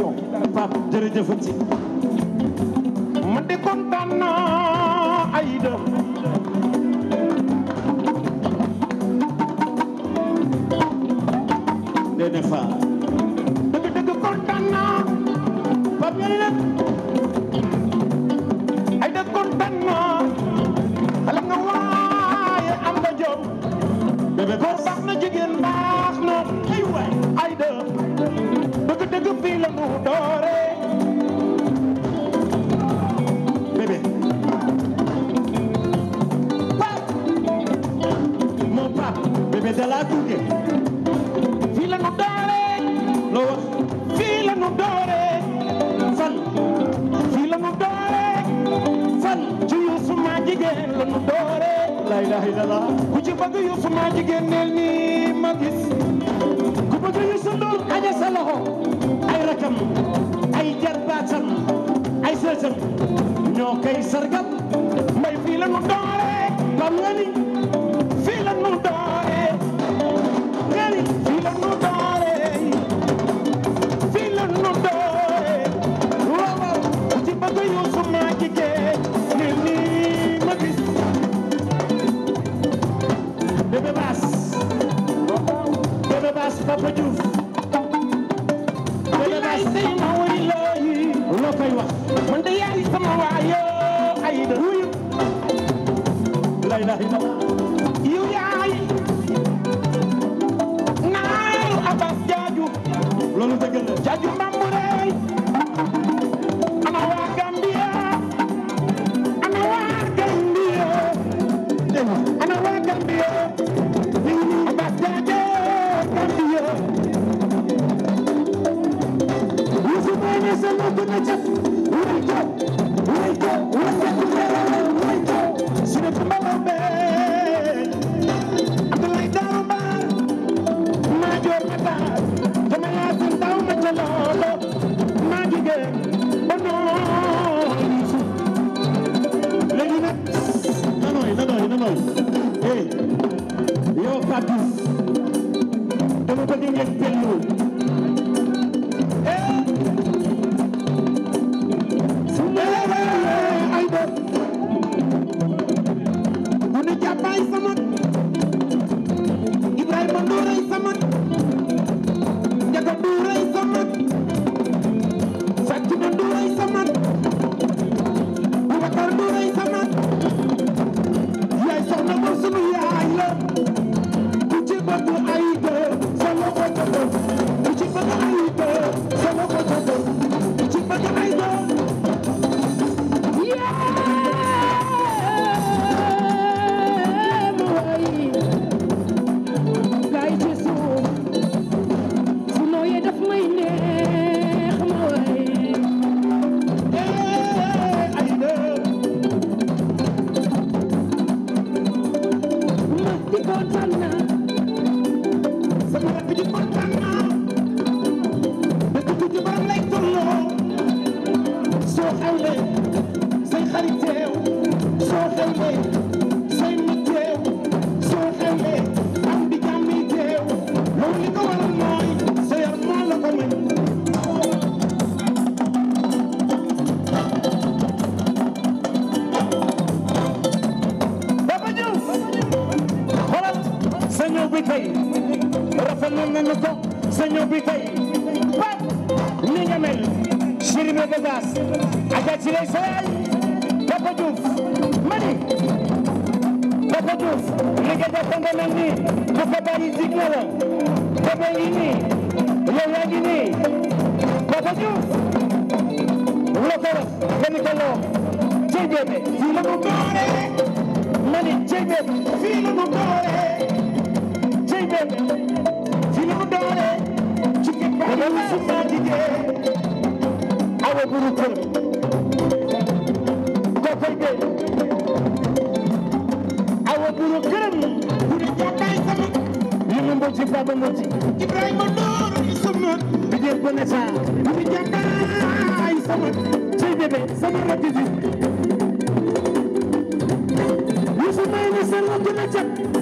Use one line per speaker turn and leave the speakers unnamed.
question Pape jërëjëfati man de kontaan naa Aïda Déné Fall dëgg dëgg kontaan naa Pape Aïda Aïda kontaan naa xalam waaye am nga jom bébé góor baax baax na ay waay Aïda dëgg fii mu doore bébé pap mon pap bébé la nu doore loo wax la nu doore fan fii la nu doore fan ci Yuusuma jigéen la nu doore la ilaha illallah ku ci bëgg Yuusuma jigéen neel ni ma gis ku bëgg Yuusu Ndour aja sa loxo xaritam ay jarbaatam ay sëtam ñoo koy sargal jaaju non eh yow Fatou dama bëgg ngeen déglu ci lay seyal Papa Diouf mani Papa Diouf li nga def nga mel ni Moustapha yi jig na la Papa yi nii yow yaa ngi nii Papa Diouf wula toro dani ko loo cey bébé fii la mu doore mani cey bébé fii la mu doore cey bébé fii la mu doore ci kekk awa buru kër fay gay awa buro gërëm bu ne jàndaay sama li mu mboj ci baba mboj ci ibrahima door i sama bi jël bone sa bu ne jàndaay sama cey bébé sama ratisi yusu may ne sa la gën a jàpp